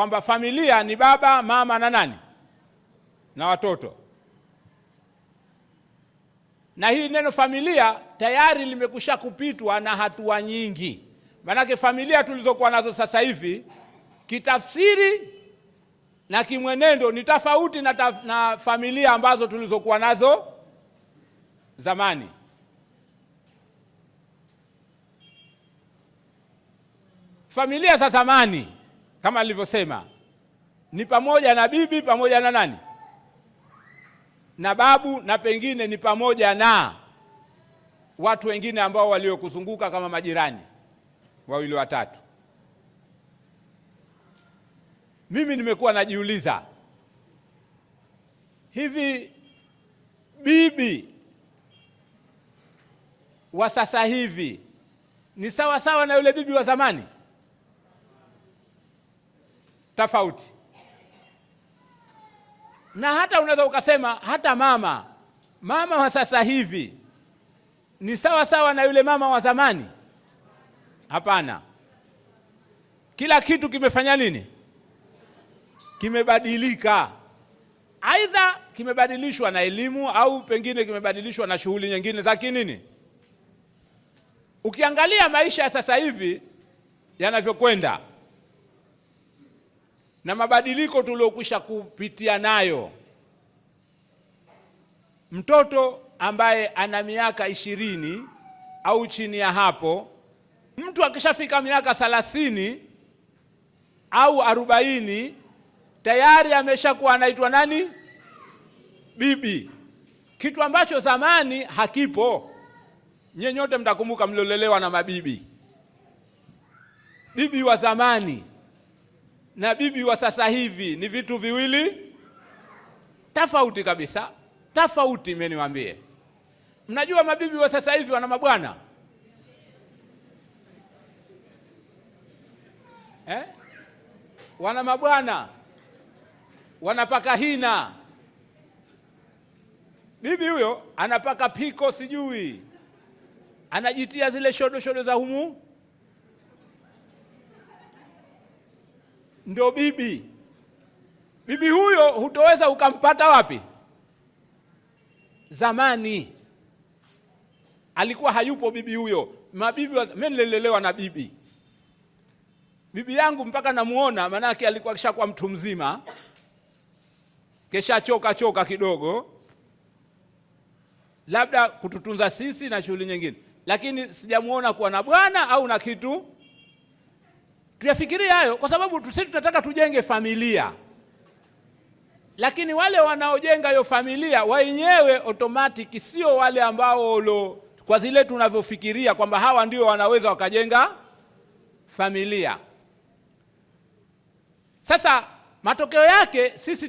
kwamba familia ni baba, mama na nani na watoto. Na hili neno familia tayari limekusha kupitwa na hatua nyingi, maanake familia tulizokuwa nazo sasa hivi kitafsiri na kimwenendo ni tofauti na, taf, na familia ambazo tulizokuwa nazo zamani. Familia za zamani kama nilivyosema ni pamoja na bibi pamoja na nani na babu na pengine ni pamoja na watu wengine ambao waliokuzunguka kama majirani wawili watatu. Mimi nimekuwa najiuliza hivi, bibi wa sasa hivi ni sawa sawa na yule bibi wa zamani? tofauti, na hata unaweza ukasema hata mama mama wa sasa hivi ni sawa sawa na yule mama wa zamani. Hapana, kila kitu kimefanya nini? Kimebadilika, aidha kimebadilishwa na elimu au pengine kimebadilishwa na shughuli nyingine za kinini. Ukiangalia maisha ya sasa hivi yanavyokwenda na mabadiliko tuliokwisha kupitia nayo, mtoto ambaye ana miaka ishirini au chini ya hapo, mtu akishafika miaka thalathini au arobaini tayari ameshakuwa anaitwa nani? Bibi, kitu ambacho zamani hakipo. Nyenye nyote mtakumbuka mliolelewa na mabibi. Bibi wa zamani na bibi wa sasa hivi ni vitu viwili tofauti kabisa, tofauti. Meniwaambie, mnajua mabibi wa sasa hivi wana mabwana eh? wana mabwana, wanapaka hina. Bibi huyo anapaka piko, sijui anajitia zile shodoshodo za humu ndo bibi. Bibi huyo hutoweza ukampata wapi? Zamani alikuwa hayupo bibi huyo. Mabibi mimi nililelewa na bibi bibi yangu mpaka namuona, maanake alikuwa kishakuwa mtu mzima, choka choka kidogo, labda kututunza sisi na shughuli nyingine, lakini sijamuona kuwa na bwana au na kitu tuyafikiria hayo, kwa sababu sisi tunataka tujenge familia, lakini wale wanaojenga hiyo familia wenyewe automatic sio wale ambao lo kwa zile tunavyofikiria kwamba hawa ndio wanaweza wakajenga familia. Sasa matokeo yake sisi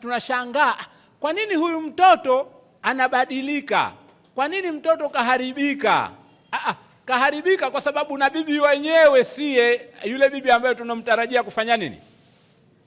tunashangaa, tuna kwa nini huyu mtoto anabadilika? Kwa nini mtoto kaharibika? Aa, ah, ah kaharibika kwa sababu na bibi wenyewe siye yule bibi ambaye tunamtarajia kufanya nini